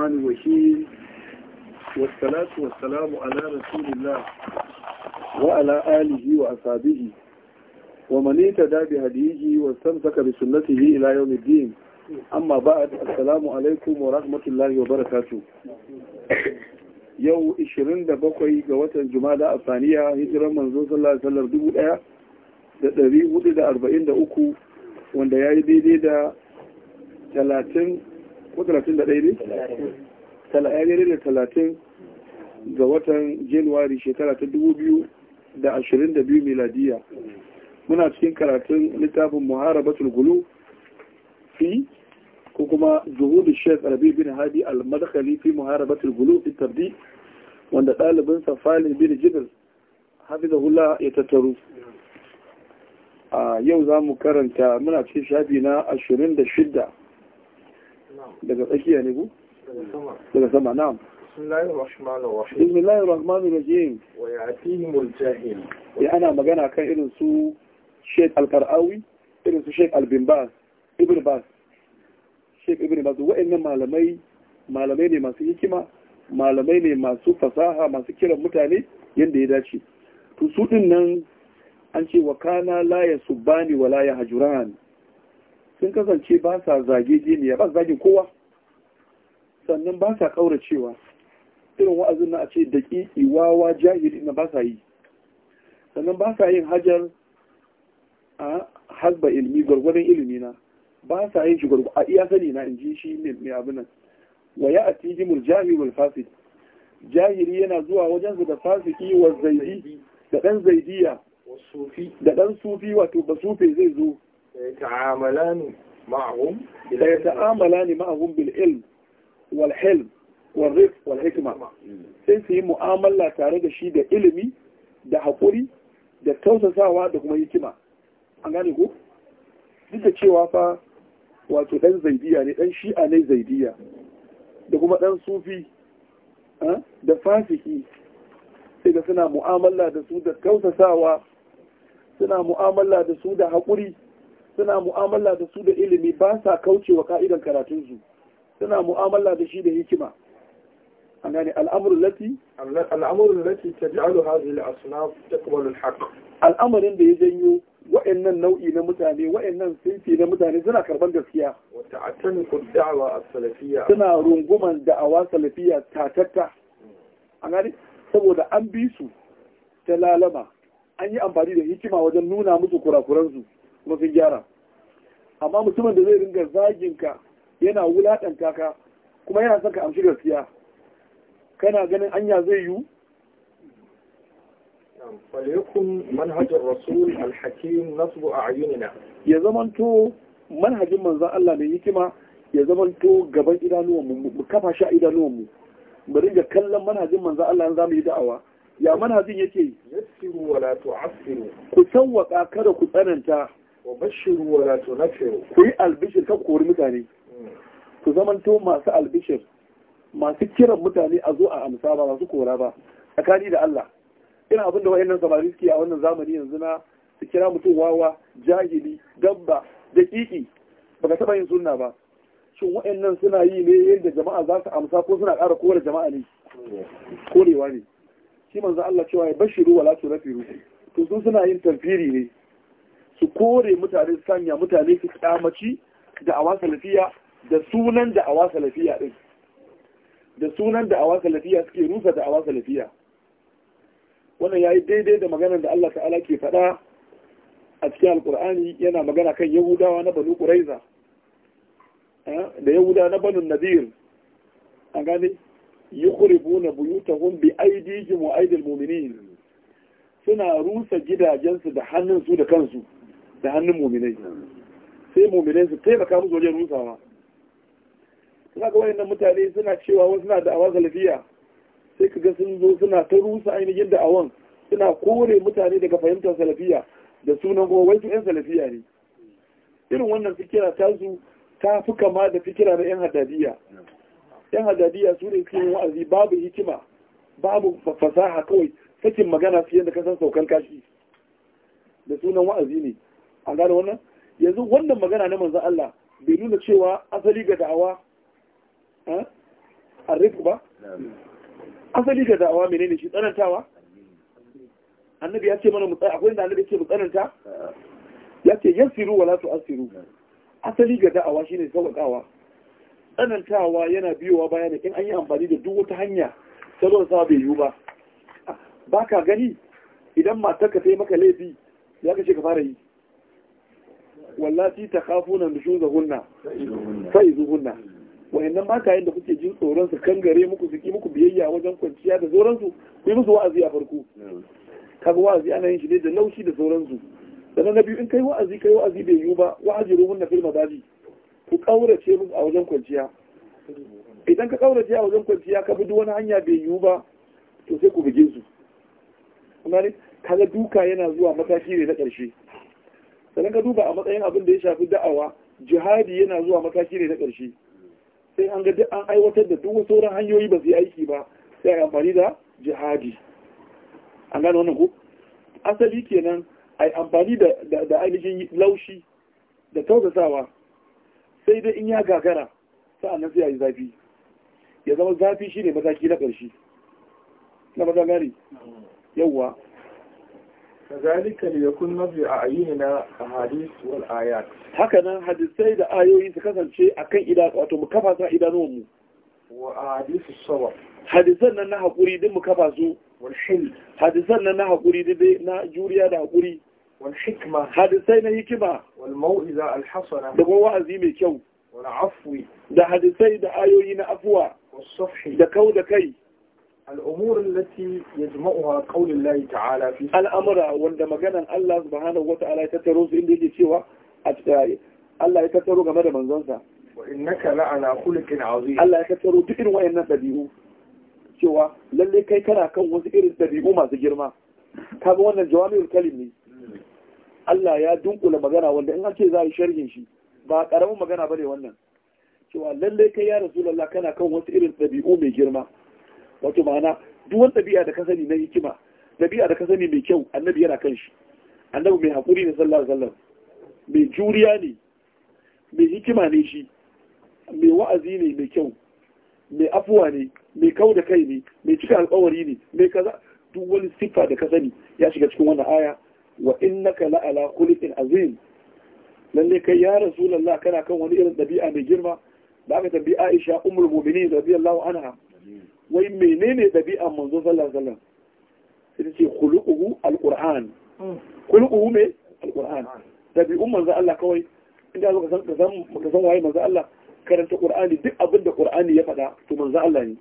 الرحمن الرحيم والصلاة والسلام على رسول الله وعلى آله وأصحابه ومن اهتدى بهديه واستمسك بسنته إلى يوم الدين أما بعد السلام عليكم ورحمة الله وبركاته إشرين قوة yau 27 ga watan jumada a saniya hijiran manzo sallallahu alaihi wasallam 1443 wanda ya yi daidai da 30 ga watan januwari shekara ta dubu biyu da ashirin da biyu miladiya muna cikin karatun littafin batul gulu fi ko kuma zuhudu shek rabi bin hadi al-madkhali fi batul gulu fi tabdi wanda ɗalibin safalin bin hafi da hula ya tattaru a yau za mu karanta muna cikin shafi na ashirin da shidda daga tsakiya ne ku daga sama na. bismillahir rahmanir rahim wa yatihimul ya ana magana kan irin su Sheik al qarawi irin su Sheik Al-Bin Bas Ibn Bas Sheik Ibn Bas wa'annan malamai malamai ne masu hikima malamai ne masu fasaha masu kiran mutane yadda ya dace to su din nan an ce wa kana la yasubani wa la yahjuran sun kasance ba sa zage jiniya ba zagin kowa sannan ba sa kauracewa irin wa'azin na a ce daƙiƙi wawa jahili na ba sa yi sannan ba sa yin hajar a hasba ilmi gwargwadon ilmi na ba sa yin shi gwargwadon a iya sani na in ji shi mai abu nan wa ya atiji murjahi wal fasid jahili yana zuwa wajen da fasiki wa zaidi da ɗan zaidiya da ɗan sufi wato ba sufe zai zo يتعاملان معهم يتعاملان معهم بالعلم والحلم والرفق sai su yi mu'amala tare da shi da ilimi da haƙuri da tausasawa da kuma hikima an gane ku duk da cewa fa wato ɗan zaidiya ne ɗan shi'a ne zaidiya da kuma ɗan sufi eh, da fasiki sai da suna mu'amala da su da tausasawa suna mu'amala da su da haƙuri suna mu'amala da su da ilimi ba sa kaucewa ka'idan karatunsu suna mu'amala da shi da hikima an gane al'amurin lati al'amurin lati ta ji alu hazi da asuna ta kubalin al'amarin da ya janyo wa'annan nau'i na mutane wa'annan sinfi na mutane suna karban gaskiya wata attani ku a salafiya suna runguman da'awa salafiya tatatta an gane saboda an bi su ta lalama an yi amfani da hikima wajen nuna musu kurakuransu kuma sun gyara amma mutumin da zai ringa zaginka yana wulaɗanta ka kuma yana son ka amshi gaskiya kana ganin anya zai yi falekun manhajar rasul alhakim nasu a ayyunina ya zamanto manhajin manzan Allah mai hikima ya zamanto gaban idanuwanmu mu kafa shi a idanuwanmu mu ringa kallon manhajin manzan Allah za mu yi da'awa ya manhajin yake yassiru wala tu'assiru ku sawwaka kada ku tsananta ku yi albishir ka kori mutane ku zamanto masu albishir masu kiran mutane a zo a amsa ba masu kora ba tsakani da Allah ina abin da wayannan samari suke a wannan zamani yanzu na su kira mutum wawa jahili gabba da kiki baka taba yin suna ba shin wayannan suna yi ne yadda jama'a za su amsa ko suna ƙara kowar jama'a ne korewa ne shi manzo Allah cewa ya bashiru wala tunafiru to sun suna yin tafiri ne su kore mutane su sanya mutane su kamaci da awa salafiya da sunan da awa salafiya din da sunan da awa salafiya suke rusa da awa salafiya wannan yayi daidai da maganar da Allah ta'ala ke faɗa a cikin alkur'ani yana magana kan yahudawa na banu quraiza eh, da yahuda na banu nadir an gane yukhribuna buyutahum bi aydihim wa aydil mu'minin suna rusa gidajensu da hannunsu da kansu da hannun muminai sai muminai su taimaka musu wajen rusawa suna ga wayannan mutane suna cewa wasu na da awa salafiya sai ka ga sun zo suna ta rusa ainihin da awon suna kore mutane daga fahimtar salafiya da sunan kuma wai su yan salafiya ne irin wannan fikira ta su ta fi kama da fikira da yan hadadiya yan hadadiya su ne cikin wa'azi babu hikima babu fasaha kawai sakin magana su yadda kasan saukan kashi da sunan wa'azi ne an gane wannan yanzu wannan magana na manzan Allah bai nuna cewa asali ga da'awa a rikku ba asali ga da'awa menene shi tsanantawa annabi ya ce mana mu tsaya akwai inda annabi ce mu tsananta ya ce yasiru wala tu'siru asali ga da'awa shine sauƙaƙawa tsanantawa yana biyowa baya da in an yi amfani da duk wata hanya salon sa bai yiwu ba ba ka gani idan matarka sai maka laifi ya kace ka fara yi wallati ta kafu na nushu da hunna sai zu hunna wayannan matayen da kuke jin tsoron su gare muku su ki muku biyayya wajen kwanciya da su ku yi musu wa'azi a farko kaga wa'azi ana yin shi ne da laushi da su sannan na biyu in kai wa'azi kai wa'azi bai yiwu ba wa'azi ruhun na ba daji ku kaurace musu a wajen kwanciya idan ka kaurace a wajen kwanciya ka bi duk wani hanya bai yiwu ba to sai ku bige su kuma ne kaga duka yana zuwa mataki ne na ƙarshe sannan ka duba a matsayin abin da ya shafi da'awa jihadi yana zuwa mataki ne na ƙarshe sai an ga an aiwatar da duk sauran hanyoyi ba su yi aiki ba sai a amfani da jihadi an gane wannan ko asali kenan a yi amfani da ainihin laushi da tausasawa sai dai in ya gagara sa'annan sai a yi zafi ya zama zafi shi ne mataki na ƙarshe na gane yawwa. كذلك ليكون نظر أعيننا أحاديث والآيات هكذا حديثي آيوه آيوين تكسل شيء أكي إلى واتو مكفزة إلى نوم وأحاديث الصور حديثنا نها قري دي مكفاسو والحل حديثنا نها قري دي نا جوريا دا قري والحكمة حديثينا هكما والموئذة الحسنة دا هو عزيمي كو والعفو ده دا حديثي آيوه آيوين أفوا والصفح ده كو ده كي الأمور التي يجمعها قول الله تعالى في الأمر وعندما كان الله سبحانه وتعالى يتتروز إلي دي سوى أتتاري الله يتترو كما ده منزنسا وإنك لعلى خلق عظيم الله يتترو دين وإن تبيعو سوى للي كي كان كان وزئر تبيعو ما زجر ما كابو أن الجوامع الكلمي الله يا دنك لما كان وعند إنها كي زي شرحين شي ba karamin magana bane wannan cewa lalle kai ya rasulullah kana kan wasu irin dabi'u mai girma wato ma'ana duk wani ɗabi'a da kasani na hikima ɗabi'a da kasani mai kyau annabi yana kan shi annabi mai haƙuri ne sallallahu alaihi wasallam mai juriya ne mai hikima ne shi mai wa'azi ne mai kyau mai afuwa ne mai kau da kai ne mai cika alƙawari ne mai kaza duk wani siffa da kasani ya shiga cikin wannan aya wa innaka la'ala khuluqin azim lalle kai ya rasulullah kana kan wani irin ɗabi'a mai girma da aka tambayi Aisha ummul mu'minin radiyallahu anha wai menene dabi'a manzo sallallahu alaihi wasallam sai ce khuluquhu alquran khuluquhu me alquran ɗabi'un manzo Allah kawai inda zo ka san ka san waye manzo Allah karanta qur'ani duk abin da qur'ani ya faɗa to manzo Allah ne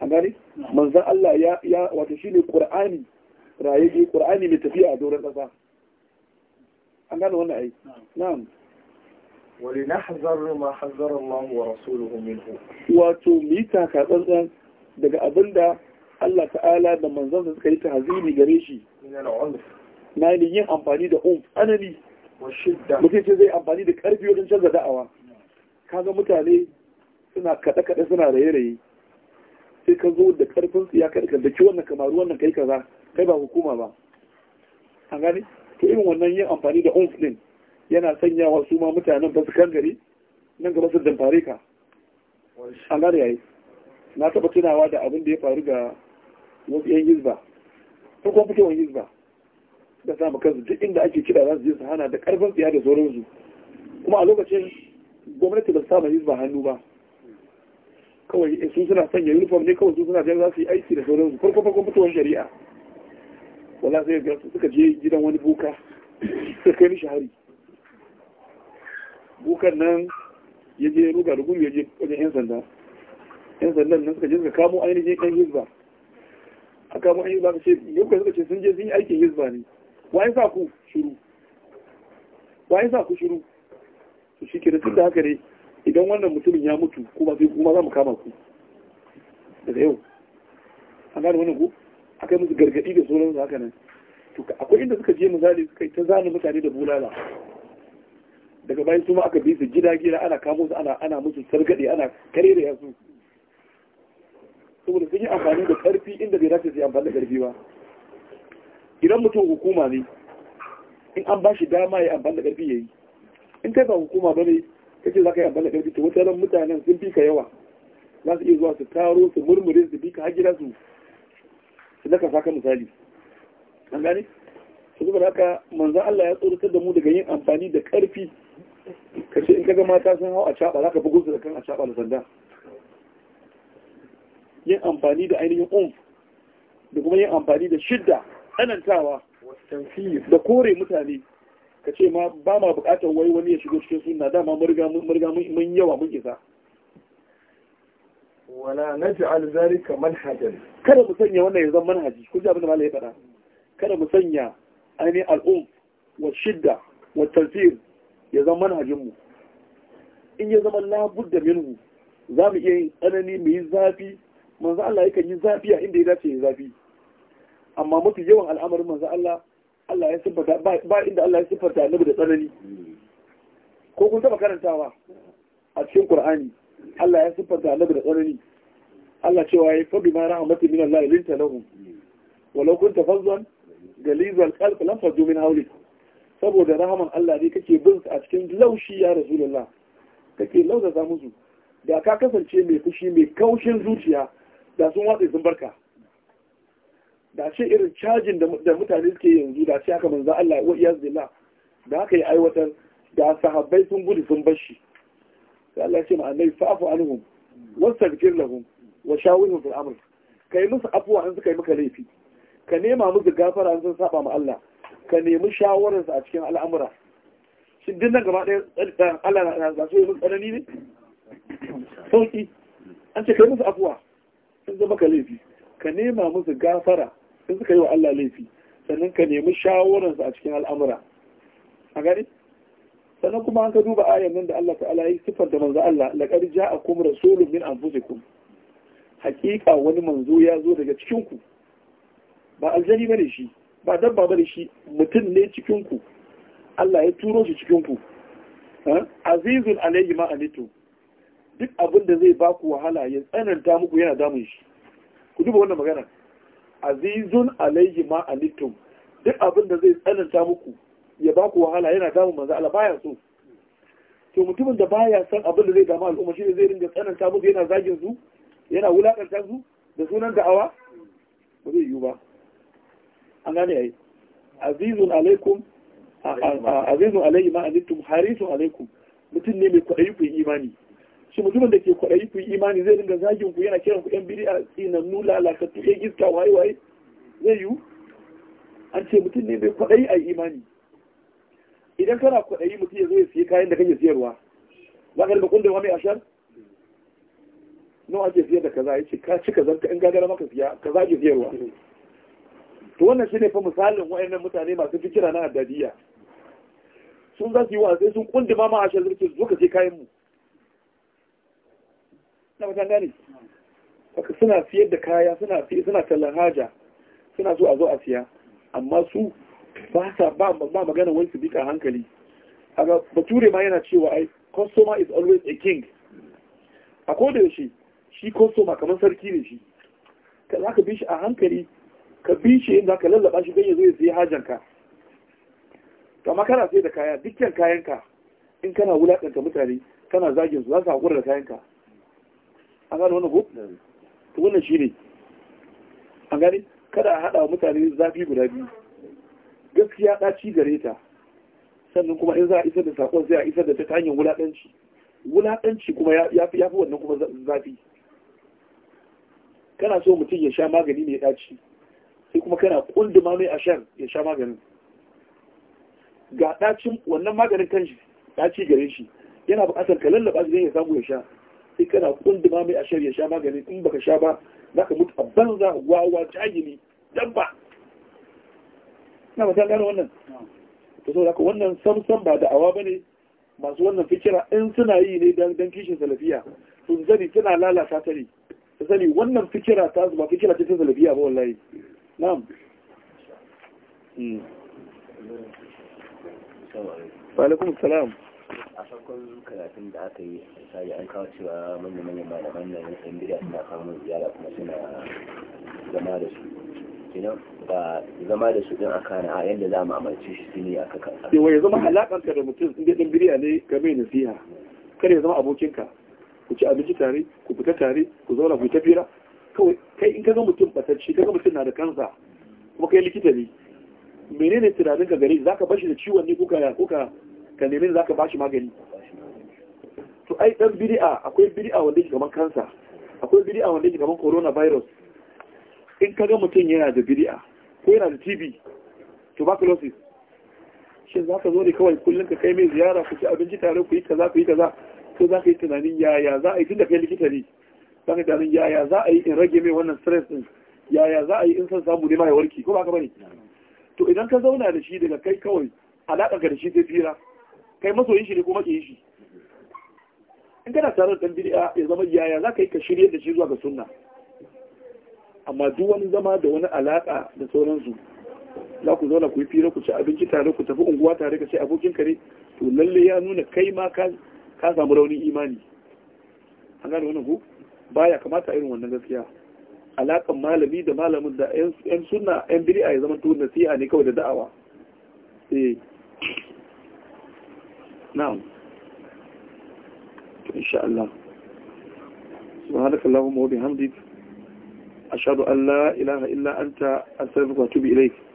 an gane manzo Allah ya ya wato shine qur'ani raye ne qur'ani mai tafiya a doron ƙasa an gane wannan ai na'am ولنحذر ما حذر الله ورسوله منه واتو ميتا كاتسان daga abinda Allah ta'ala da manzon da suka yi tahzimi gare shi na yin amfani da umf anani mutum ce zai amfani da karfi wajen canza da'awa kaga mutane suna kaɗe kaɗe suna raye-raye sai ka zo da karfin ya ka da ki wannan kamaru wannan kai kaza kai ba hukuma ba an gane to irin wannan yin amfani da umf din yana sanyawa su ma mutanen ba su gari nan gaba su damfare ka an gane yayi na taɓa tunawa da abin da ya faru ga wasu yan yizba ko kuma fitowar yizba da samu kansu duk inda ake kiɗa za su je su hana da karfin tsaya da sauransu kuma a lokacin gwamnati ba su samu yizba hannu ba kawai su suna sanya uniform ne kawai su suna jan za su yi aiki da sauransu farko farkon fitowar shari'a wala sai ga suka je gidan wani buka suka kai mishi hari bukar nan ya je ruga da gumi ya je wajen yan sanda yan sandan nan suka je suka kamo ainihin yan hizba a kamo ainihin ka ce yankan suka ce sun je sun yi aikin hizba ne wa ya sa ku shiru wa ya sa ku shiru su shi kira da tun da haka ne idan wannan mutumin ya mutu kuma sai kuma za mu kama ku daga yau an gane wannan ku akai musu gargadi da sauransu haka nan to akwai inda suka je misali suka yi ta zane mutane da bulala daga bayan su ma aka bi su gida gida ana kamo su ana ana musu sargade ana kare da yasu saboda sun yi amfani da karfi inda bai dace sai amfani da karfi ba idan mutum hukuma ne in an ba shi dama ya amfani da karfi yi in kai ba hukuma ba ne kake za ka yi amfani da karfi to wata ran mutanen sun fi ka yawa za su iya zuwa su taro su murmure su bi ka har gidansu su su daka saka misali an gane saboda haka manzan Allah ya tsoratar da mu daga yin amfani da karfi ka ce in kaga mata sun hau a caɓa za ka bugun su da kan a caɓa da sanda yin amfani da ainihin umf da kuma yin amfani da shidda tsanantawa da kore mutane ka ce ma ba ma bukatar wai wani ya shigo cikin suna dama murga mun yawa mun isa wala naj'al zalika manhajan kada mu sanya wannan ya zama manhaji kun ji abin da malai ya faɗa kada mu sanya ainihin al'um wa shidda wa tafsir ya zama manhajinmu in ya zama labudda minhu za mu iya yin tsanani mu yi zafi manzo Allah yakan yi zafi a inda ya dace ya zafi amma mafi yawan al'amarin manzo Allah Allah ya siffata ba inda Allah ya siffata annabi da tsanani ko kun taba karantawa a cikin Qur'ani Allah ya siffata annabi da tsanani Allah cewa ya fa bima rahmatin min Allah linta lahum walau kunta fazzan galizal qalb lam fadu min hawlik saboda rahaman Allah ne kake bin a cikin laushi ya rasulullah kake lauzaza musu da ka kasance mai fushi mai kaushin zuciya da sun watsa sun barka da ce irin cajin da mutane suke yanzu da ce haka manzo Allah wa iyaz billah da haka yi aiwatar da sahabbai sun gudu sun bar shi sai Allah ya ce ma fa'afu anhum wastaghfir lahum wa shawirhum fil amr kai musu afwa an suka yi maka laifi ka nema musu gafara an sun saba ma Allah ka nemi shawararsa a cikin al'amura shi din nan gaba ɗaya Allah na su yi tsanani ne sauki an ce kai musu afuwa sun zama ka laifi ka nema musu gafara sun suka yi wa Allah laifi sannan ka nemi shawararsa a cikin al'amura a gani sannan kuma an ka duba ayan nan da Allah ta'ala yi siffar da manzo Allah laqad ja'akum rasulun min anfusikum hakika wani manzo ya zo daga cikin ku ba aljani bane shi ba dabba bane shi mutum ne cikin ku Allah ya turo shi cikin ku azizun alayhi ma anitu duk abin da zai baku wahala ya tsananta muku yana damun shi ku duba wannan magana azizun alayhi ma anitu duk abin da zai tsananta muku ya baku wahala yana damun manzo Allah baya so to mutumin da baya san abin da zai dama al'umma shi ne zai ringa tsananta muku yana zagin su yana wulakanta su da sunan da'awa ba zai yiwu ba an gane yayi azizun alaikum azizun alaihi ma anittum harisun alaikum mutum ne mai kwaɗayi ku imani shi mutumin da ke kwaɗayi ku imani zai dinga zagin ku yana kiran ku yan a tsinan nula lakatu yan iska waye waye zai yiwu an ce mutum ne mai kwaɗayi a imani idan kana kwaɗayi mutum ya zo ya siya kayan da kake siyarwa za ka riga kundewa mai ashar nawa ake siyar da kaza ya ce ka ci kaza in gagara maka siya kaza ake siyarwa to wannan shi ne fa misalin wa'annan mutane masu fikira na addadiya sun za su yi wa sai sun kundi ma ma'ashe zurfi su zuka ce kayan mu na mutan gane suna siyar da kaya suna suna tallan haja suna so a zo a siya amma su ba sa ba magana wani su bi hankali kaga bature ma yana cewa ai customer is always a king a kodayaushe yaushe shi customer kamar sarki ne shi ka za ka bi shi a hankali ka bi shi inda ka lallaba shi don ya zo ya ka. hajanka kama kana sai da kaya dukkan kayanka in kana wulaƙanta mutane kana zagin su za su haƙura da kayanka an gane wani ko? to wannan shi ne an gane kada a haɗa mutane zafi guda biyu gaskiya ɗaci gare ta sannan kuma in za a isar da saƙon sai a isar da ta hanyar wulaƙanci wulaƙanci kuma ya fi wannan kuma zafi kana so mutum ya sha magani mai ɗaci sai kuma kana kunduma mai ashar ya sha maganin ga ɗacin wannan maganin kanshi ɗaci gare shi yana buƙatar ka lallaba shi ya samu ya sha sai kana kunduma mai ashar ya sha maganin in baka sha ba za ka mutu a banza wawa jahili ba na ba ta gano wannan to so haka wannan samsam ba da'awa ba ne masu wannan fikira in suna yi ne don kishin salafiya sun zani suna lalata ta ne sani wannan fikira ta zuba fikira ta salafiya ba wallahi نعم hmm. salam. A farkon karatun da aka yi sai an kawo cewa manya-manyan malaman nan yan gida suna samun ziyara kuma suna zama da su. Kinan ba zama da su din yadda za mu amince shi ne aka ka. Yawa ya zama alakanka da mutum in dan biriya ne ka mai nasiha. Kada ya zama abokinka. Ku ci abinci tare, ku fita tare, ku zauna ku yi kawai kai in kaga mutum batacci kaga mutum na da kansa kuma kai likita ne menene tunanin ka gare zaka bashi da ciwon ne kuka kuka ka nemi zaka bashi magani to ai dan bid'a akwai bid'a wanda yake kamar kansa akwai bid'a wanda yake corona coronavirus in kaga mutum yana da bid'a ko yana da TB tuberculosis shin zaka zo ne kawai kullum ka kai mai ziyara ku ci abinci tare ku yi kaza ku yi kaza ko zaka yi tunanin yaya za a yi tunda kai likita ne sani da yaya za a yi in rage mai wannan stress din yaya za a yi in san samu ne ma ya ko ba ka bane to idan ka zauna da shi daga kai kawai alaƙa ka da shi zai fira kai masoyin shi ne ko maƙiyin shi in kana tare da bid'a ya zama yaya za ka yi ka shirya da shi zuwa ga sunna amma duk wani zama da wani alaƙa da sauransu za ku zauna ku yi fira ku ci abinci tare ku tafi unguwa tare ka ce abokin kare to lalle ya nuna kai ma ka samu raunin imani an gane wannan ku baya kamata irin wannan gaskiya alakan malami da malamin da yan suna yan bid'a ya zama to nasiha ne kawai da da'awa eh na'am insha Allah subhanaka allahumma wa bihamdika ashhadu an la ilaha illa anta astaghfiruka wa atubu ilayk